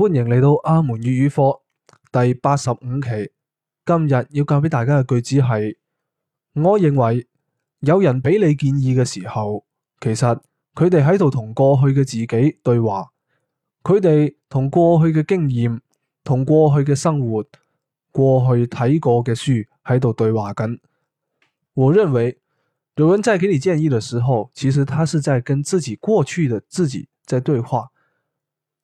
歡迎嚟到阿門粵語課第八十五期。今日要教俾大家嘅句子係：我認為，有人俾你建議嘅時候，其實佢哋喺度同過去嘅自己對話，佢哋同過去嘅經驗、同過去嘅生活、過去睇過嘅書喺度對話緊。我認為有人在給你建議嘅時候，其實他是在跟自己過去的自己在對話。